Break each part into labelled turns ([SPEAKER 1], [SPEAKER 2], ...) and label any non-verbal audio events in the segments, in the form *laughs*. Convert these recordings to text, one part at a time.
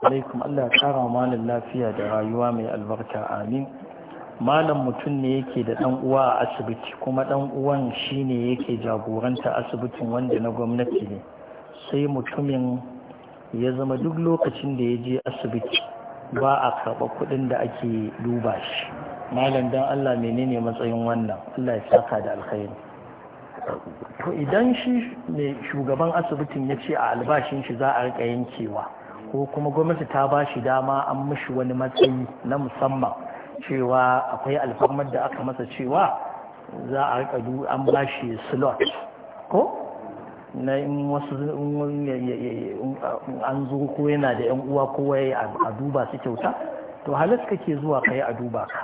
[SPEAKER 1] alaikum Allah ya kara malin lafiya da rayuwa mai albarka amin malam mutum ne yake da dan uwa a asibiti kuma dan uwan shine yake jagoranta asibitin wanda na gwamnati ne sai mutumin ya zama duk lokacin da ya je asibiti ba a karɓa kuɗin da ake duba shi malam don Allah menene matsayin wannan Allah ya saka da alkhairi to idan shi ne shugaban asibitin ya ce a albashin shi za a rika yankewa ko kuma gwamnati ta ba shi dama an mishi wani matsayi na musamman cewa akwai alfarmar da aka masa cewa za a rika du an ba shi slot ko na in wasu an zo ko yana da yan uwa kowa a duba su kyauta to halas kake zuwa ka a duba ka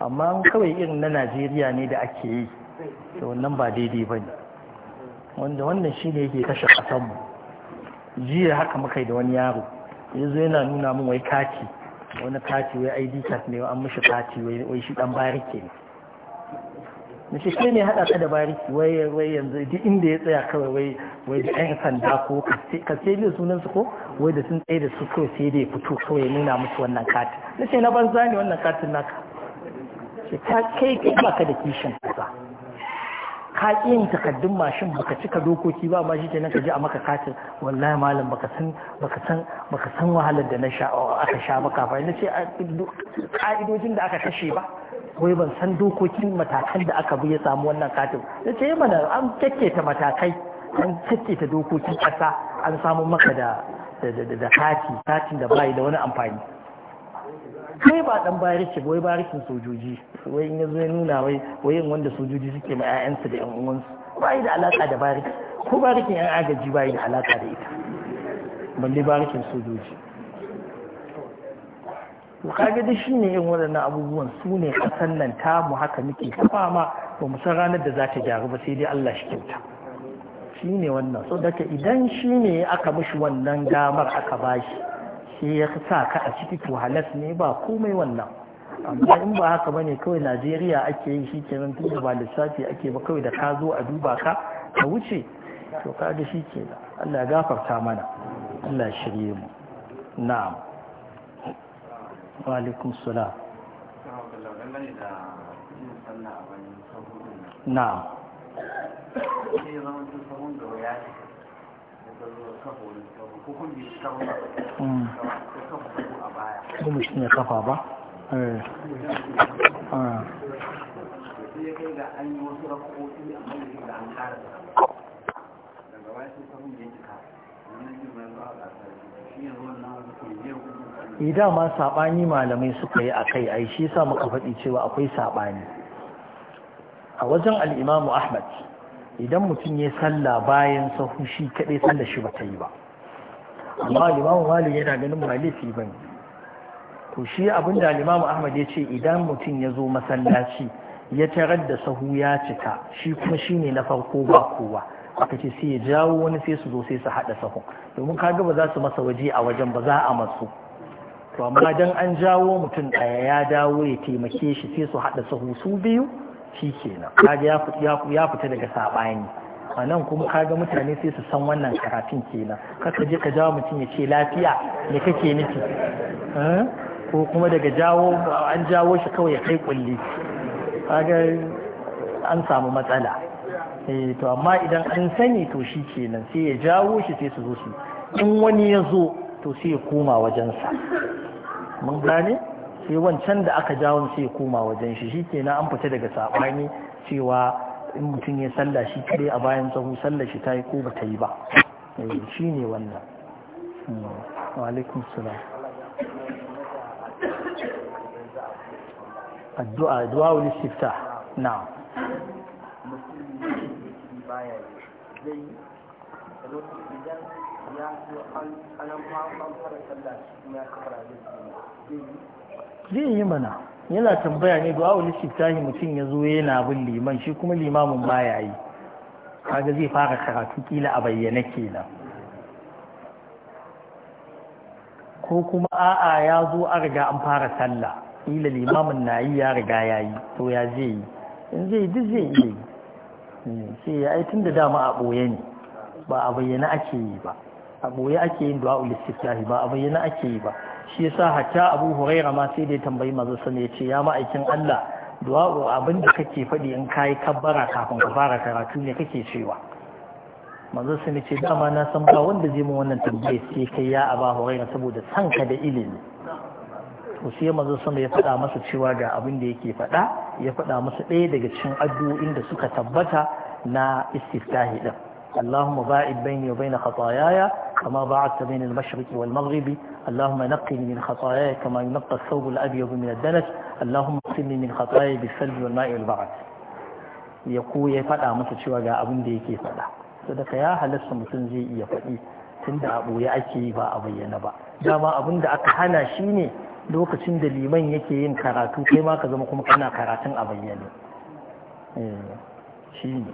[SPEAKER 1] amma kawai irin na najeriya ne da ake yi to wannan ba daidai ba ne wanda wannan shi ne yake kashe kasanmu. jiya haka muka da wani yaro yanzu yana nuna min wai kati wani kati wai id card ne an mishi kati wai shi dan bariki ne na shi kai ne hada ka da bariki wai wai yanzu duk inda ya tsaya kawai wai wai da ɗan sanda ko ka sai ne sunan su ko wai da sun tsaye da su kawai sai da ya fito kawai ya nuna musu wannan kati na ce na banza ne wannan katin naka ka kai ka baka da kishin ka ka yin takaddun mashin baka cika dokoki ba ma shi kenan ka je a maka katin wallahi malam baka san baka san baka san wahalar da na sha aka sha ba kafin na ce ka'idojin da aka kashe ba wai ban san dokokin matakan da aka bi ya samu wannan katin na ce eh, mana an ta matakai an ta dokokin ƙasa an samu maka da da kati katin da bai da wani amfani kai ba dan bariki wai barikin sojoji wai in yazo ya nuna wai wai wanda sojoji suke ma ƴaƴansu da ƴan uwansu yi da alaka da bariki ko barikin ƴan agaji yi da alaka da ita balle barikin sojoji to kaga duk shine irin waɗannan abubuwan su ne kasan nan mu haka muke kafa fama ba mu san ranar da za ta gyaru ba sai dai Allah shi kyauta shine wannan so daga idan shine aka mishi wannan damar aka bashi shi ya sa ka a ciki to halas ne ba komai wannan amma in ba haka bane kawai Najeriya ake yi shi kenan tun da ba lissafi ake ba kawai da ka zo a duba ka ka wuce to ka ga shi ke Allah ya gafarta mana Allah ya shirye mu na'am wa alaikum salam
[SPEAKER 2] na'am ya kafa ba eh. ah.
[SPEAKER 1] idan ma saɓani malamai suka yi a kai yi shi sa muka faɗi cewa akwai saɓani a wajen al'imamu ahmad idan mutum ya salla bayan sahu shi kaɗai sallar shi ba ta yi ba amma limamu malik yana ganin ba laifi ba ne to shi abin da limamu ahmad ya ce idan mutum ya zo masallaci ya tarar da sahu ya cika shi kuma shi ne na farko ba kowa aka ce sai ya jawo wani sai su zo sai su haɗa sahun domin kaga ba za su masa waje a wajen ba za a masu to amma dan an jawo mutum ɗaya ya dawo ya taimake shi sai su haɗa sahu su biyu shi kenan kaga ya fita daga saɓani a nan kuma kaga mutane sai su san wannan karatun kenan kaka je ka jawo mutum ya ce lafiya me kake nufi eh? ko kuma daga jawo an jawo shi kawai ya kai kulli kaga an samu matsala eh to amma idan an sani to shi kenan sai ya jawo shi sai su zo su in wani ya zo to sai ya koma wajensa mun gane sai wancan da aka jawo sai ya koma wajen shi shi na an fita daga saɓani cewa in mutum ya salla shi kare a bayan tsaho salla shi ta yi ko ba ta yi ba eh, shi ne wannan hmm. alaikum addu'a addu'a wani sifta na ya zai yi mana yana tambaya ne du'a wani siftahi mutum ya zo yana bin liman shi kuma limamin baya yi kaga zai fara karatu kila a bayyane kenan ko kuma a'a ya zo a riga an fara sallah kila limamin na yi ya riga ya yi to ya zai yi in zai yi duk zai iya yi hmm, sai ya aitin da dama a ɓoye ne ba a bayyana ake yi ba a ɓoye ake yin du'a ulistiftahi ba a bayyana ake yi ba shi yasa hatta abu huraira ma sai dai tambayi mazo sallallahu ya ce ya aikin Allah du'a abin da kake faɗi in kai kabbara kafin ka fara karatu ne kake cewa mazo ce dama na san ba wanda zai mu wannan tambaye sai kai ya aba huraira saboda san ka da ilimi to sai mazo ya faɗa masa cewa ga abin da yake faɗa ya faɗa masa ɗaya daga cikin addu'o'in da suka tabbata na istiftahi din اللهم باعد بيني وبين خطاياي كما باعدت بين المشرق والمغرب اللهم نقني من خطاياي كما ينقى الثوب الأبيض من الدنس اللهم اغسلني من خطاياي بالثلج والماء والبعد ya ko ya faɗa masa cewa ga abin da yake faɗa sadaka ya halasta mutum zai iya faɗi tun da abu ya ake yi ba a bayyana ba dama abin aka hana shi ne lokacin da liman yake yin karatu kai ma ka zama kuma kana karatun a bayyane shi ne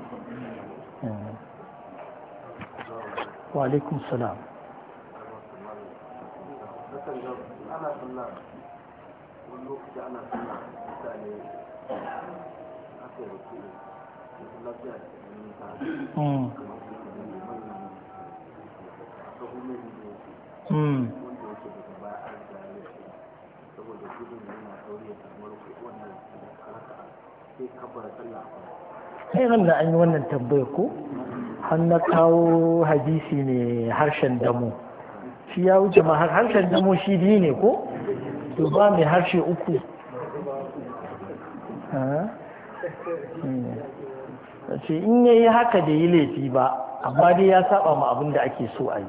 [SPEAKER 1] wa alaikum salam
[SPEAKER 2] saboda gudun yana ɗaure da murku wannan harka sai kabbar sallah
[SPEAKER 1] sai ran da an yi wannan tambayar ko an na kawo hadisi ne harshen damo shi ya wuce ma harshen damo shi biyu ne ko to ba mai harshe uku ce in ya yi haka da yi laifi ba amma dai ya saba ma abin da ake so a yi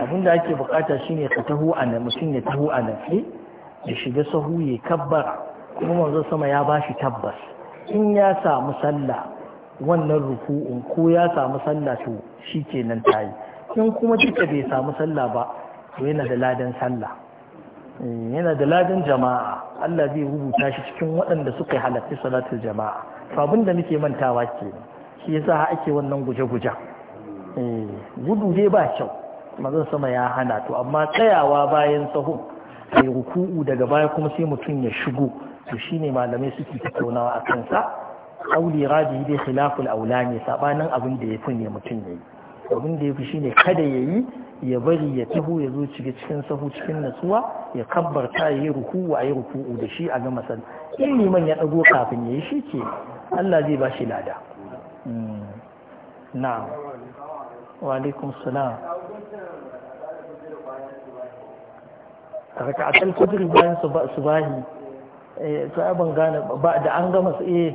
[SPEAKER 1] abin da ake bukata shine ka taho a nan mutum ya taho a nan sai eh? ya shiga sahu ya kabbara kuma manzo sama ya bashi tabbas in ya samu sallah wannan ruku'un ko ya samu sallah to shi kenan ta yi in kuma duka bai samu sallah ba to yana da ladan sallah eh, yana da ladan jama'a Allah zai rubuta shi cikin waɗanda suka halarci salatul jama'a abin da muke mantawa ke shi yasa ake wannan guje-guje eh, gudu dai ba kyau mazan sama ya hana to amma tsayawa bayan sahun sai ruku'u daga baya kuma sai mutum ya shigo to shine malamai suke tattaunawa a kansa kauli radi dai khilaful aula ne sabanin abin da ya ne mutum ne abin da ya fi shine kada ya yi ya bari ya taho ya zo cike cikin sahu cikin natsuwa ya kabbarta ya yi ruku'u a yi ruku da shi a ga masal in liman ya dago kafin ya yi shi ke Allah zai ba shi lada hmm. na'am wa alaikum salam raka'atul qadr bayan subahi sai eh, ban gane ba da an gama eh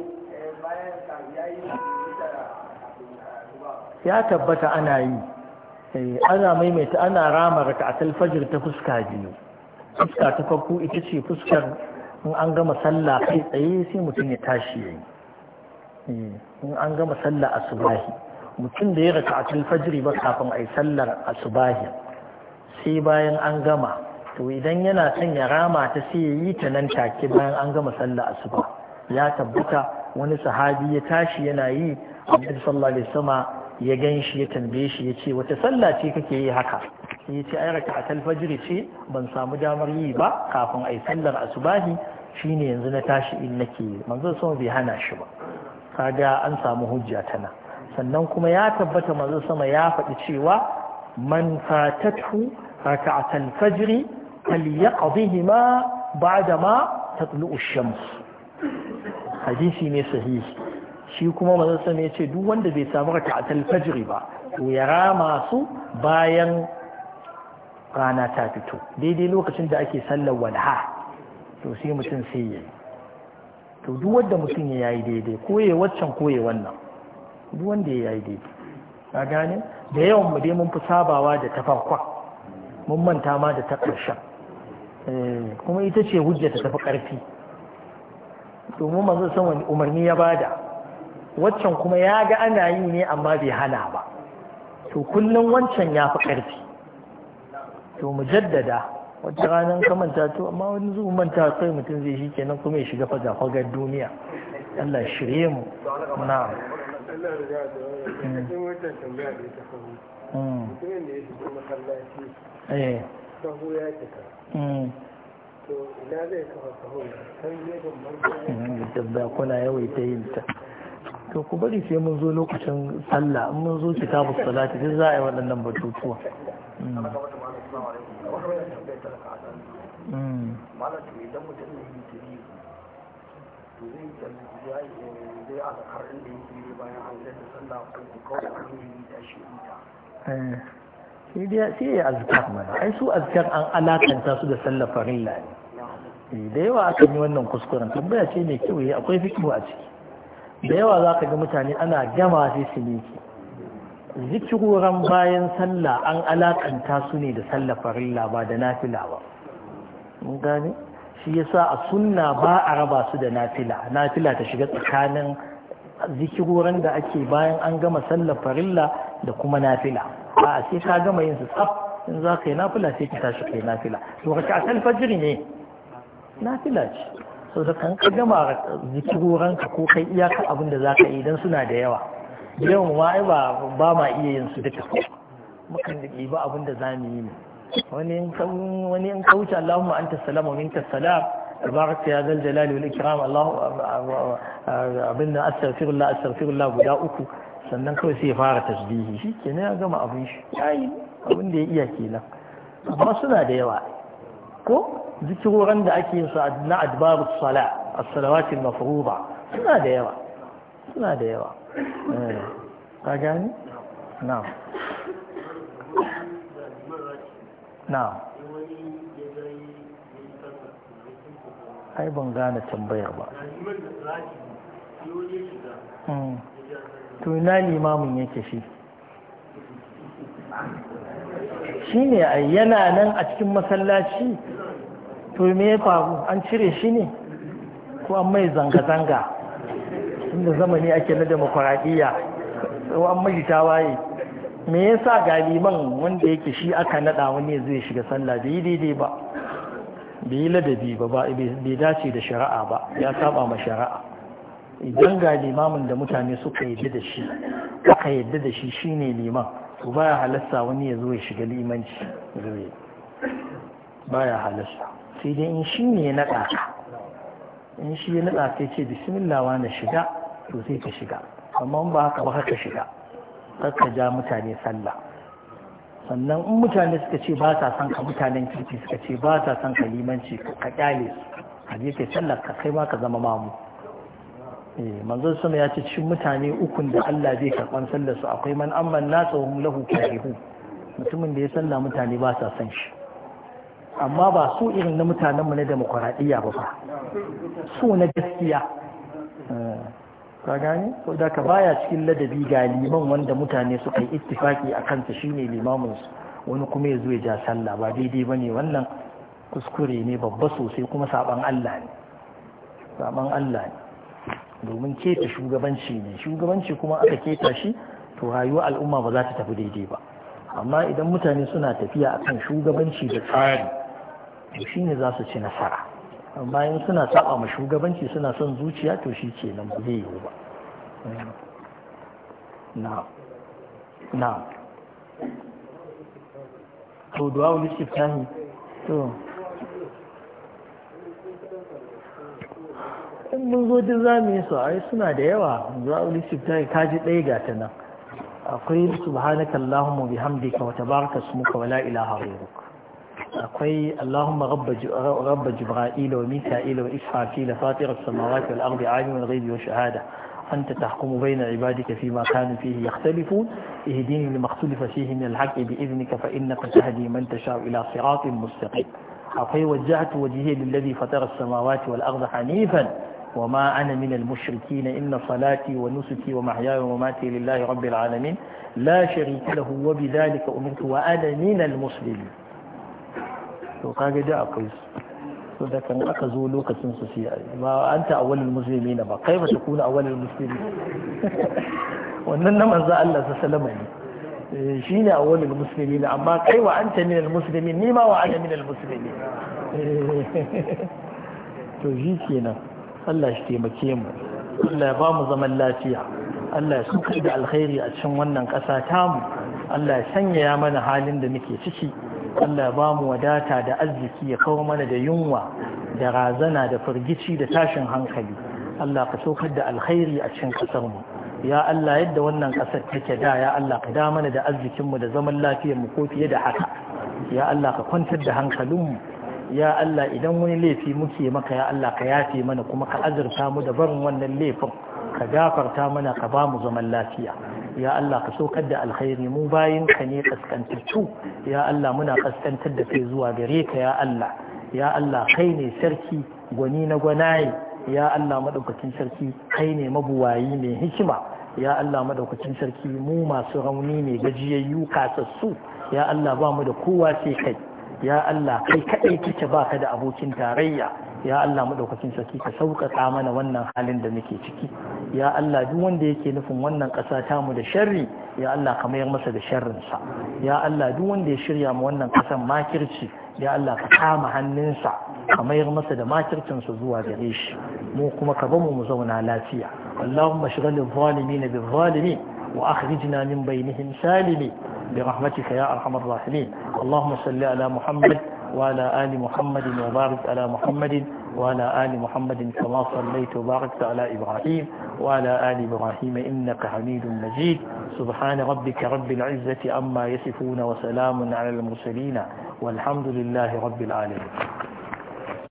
[SPEAKER 1] ya tabbata ana yi eh, ana maimaita ana rama a fajr ta fuska biyu fuska ta farko ita ce fuskar in an gama sallah kai tsaye sai mutum ya tashi yayi eh, in an gama sallah asubahi mutum da ya a talfajir ba kafin a yi sallar asubahi sai bayan an gama to idan yana son ya rama ta sai ya yi ta nan take bayan an gama sallah asuba ya tabbata wani sahabi ya tashi yana yi annabi sallallahu alaihi sama. ya gan shi ya tambaye shi ya ce wata sallah ce kake yi haka ya ce ai raka atal fajiri ce ban samu damar yi ba kafin ai sallar asubahi shine yanzu na tashi in nake yi manzon sama bai hana shi ba kaga an samu hujja tana sannan kuma ya tabbata manzon sama ya faɗi cewa man fatatu raka'atal fajri falyaqdihima ba'da ma tatlu'u shams hadisi ne sahihi shi kuma manzansa ya ce duk wanda bai samu raka a talfajiri ba to ya rama su bayan rana ta fito daidai lokacin da ake sallar walha to sai mutum sai ya yi to duk wanda mutum ya yi daidai koye waccan koye wannan duk wanda ya yi daidai ka gane da yawan mu dai mun fi sabawa da ta farkon mun manta ma da ta ƙarshen eh, kuma ita ce hujja ta tafi ƙarfi domin manzo san umarni ya bada waccan kuma ya ga ana yi ne amma bai hana ba to kullum wancan ya fi ƙarfi to mu jaddada wata ranar ka manta to amma wani zuwa manta kai mutum zai shi kenan kuma ya shiga faga duniya Allah shirye mu na
[SPEAKER 2] hmm. ya da eh. hmm.
[SPEAKER 1] hmm, kuna yawaita yin ta to ku bari sai mun zo lokacin sallah in mun zo kitabu salati duk za a yi waɗannan batutuwa hmm. Hmm. Eh. sai ya azkar mana ai su azkar an alakanta su da sallah farilla ne eh, da yawa aka yi wannan kuskuren tambaya ce mai kyau yi, eh, akwai fikiru a ciki da yawa za ka ga mutane ana gama sai su leke zikiroran bayan sallah an alakanta su ne da sallah farilla ba da nafila ba gane shi yasa a sunna ba a raba su da nafila nafila ta shiga tsakanin zikiroran da ake bayan an gama sallah farilla da kuma nafila a sai ka gama yin su tsaf in za ka yi nafila sai ka tashi kai nafila to ka ne nafila ce sau da kan ka gama zikiroranka ko kai iyaka abin da za ka yi idan suna da yawa ma ai ba ba ma iya yin su duka mukan da ba abin da za mu yi ne wani in kauce Allahumma anta salama minka salam tabarak ya zal jalali wal ikram Allahu abin da astaghfirullah astaghfirullah guda uku sannan kawai sai ya fara tasbihi kenan ya gama abin shi yayi abin da ya iya kenan amma suna da yawa ko zikiroran da ake yin su na adbaru sala as-salawatin mafruḍa suna da yawa suna da yawa eh, ka gani na'am na'am ai ban gane tambayar ba hmm. to ina limamin yake shi shi ne yana nan a cikin masallaci to me ya faru an cire shi ne ko an mai zanga-zanga inda zamani ake na demokuraɗiyya ko an mai tawaye me yasa galiman wanda yake shi aka naɗa wani zai shiga sallah bai daidai ba bai yi ladabi ba bai dace da shari'a ba ya saba ma shari'a idan ga limamin da mutane suka yadda da shi aka yadda da shi shine liman to baya halasta wani ya zo ya shiga limanci zai baya halasta sai dai in shi ne na ɗaka in shi ya naɗa sai ce bismillah na shiga to sai ka shiga amma ba haka ba haka shiga ka ja mutane sallah sannan in mutane suka ce ba ta son ka mutanen kirki suka ce ba ta son ka limanci ka kyale su ka je kai sallar ka kai ma ka zama mamu Eh, manzon sama ya ci cikin mutane ukun da Allah zai karɓan sallarsu akwai man amman na tsohon lahu karihu mutumin da ya salla mutane ba sa san shi amma ba su irin na mutanenmu na demokuraɗiyya ba
[SPEAKER 2] su so na gaskiya
[SPEAKER 1] eh, ka gani ko da ka baya cikin ladabi ga liman wanda mutane suka yi ittifaki a kansa shine limamin su wani kuma ya zo ya ja sallah ba daidai ba ne wannan kuskure ne babba sosai kuma saban Allah ne saban Allah ne domin keta shugabanci ne shugabanci kuma aka keta shi to rayuwar al'umma ba za ta tafi daidai ba amma idan mutane suna tafiya a kan shugabanci da tsari to shine za su ci nasara amma in suna saba ma shugabanci suna son zuciya to shi ke nan ba zai yiwu ba na na to in mun zo duk za mu yi su ai suna da yawa za mu lissafta ka ji ɗaya ga ta nan akwai subhanaka allahumma bihamdika wa tabaraka ismuka wa la ilaha ghayruk akwai allahumma rabba jibril wa mika'il wa israfil fatir as-samawati wal ardi alim al ghaibi wa shahada أنت تحكم بين عبادك فيما كانوا فيه يختلفون اهديني لما اختلف فيه من الحق بإذنك فإنك تهدي من تشاء إلى صراط مستقيم أخي وجهت وجهي للذي فطر السماوات والأرض حنيفا وما أنا من المشركين إن صلاتي ونسكي ومحياي ومماتي لله رب العالمين لا شريك له وبذلك أمرت وأنا من المسلمين وقال جاء قيس da kan aka zo lokacin su sai ba an ta awwalul muslimina ba kai ba kuna awwalul muslimin *laughs* wannan na manzo Allah sa salama ne eh, shine awwalul muslimin amma kai wa ni ma wa ana *laughs* eh, *laughs* to kenan Allah shi taimake mu Allah ya ba mu zaman lafiya Allah ya suka da alkhairi a cikin wannan ƙasa tamu Allah ya sanyaya mana halin da muke ciki Allah ya ba mu wadata da arziki ya kawo mana da yunwa da razana da firgici da tashin hankali Allah ka saukar da alkhairi a cikin ƙasar mu ya Allah yadda wannan ƙasar take da ya Allah ka da mana da arzikinmu da zaman lafiyar mu ko fiye da haka ya Allah ka kwantar da hankalinmu ya Allah idan wani laifi muke maka ya Allah ka yafe mana kuma ka azurta mu da barin wannan laifin ka gafarta mana ka ba mu zaman lafiya ya Allah ka saukar da alkhairi mu bayin ka ne kaskantattu ya Allah muna kaskantar da kai zuwa gare ka ya Allah ya Allah kai ne sarki gwani na gwanaye ya Allah madaukakin sarki kai ne mabuwayi mai hikima ya Allah madaukakin sarki mu masu rauni ne gajiyayyu kasassu ya Allah ba mu da kowa sai kai ya Allah kai kaɗai kike ba ka da abokin tarayya ya Allah maɗaukacin sarki ka sauƙaƙa mana wannan halin da muke ciki ya Allah duk wanda yake nufin wannan ƙasa tamu da sharri ya Allah ka mayar masa da sharrinsa ya Allah duk wanda ya shirya mu wannan ƙasan makirci ya Allah ka kama hannunsa ka mayar masa da makircinsa zuwa gare shi mu kuma ka bamu mu zauna lafiya Allahumma shigal lil zalimin bil zalimin wa akhrijna min برحمتك يا أرحم الراحمين اللهم صل على محمد وعلى آل محمد وبارك على محمد وعلى آل محمد كما صليت وباركت على إبراهيم وعلى آل إبراهيم إنك حميد مجيد سبحان ربك رب العزة عما يصفون وسلام على المرسلين والحمد لله رب العالمين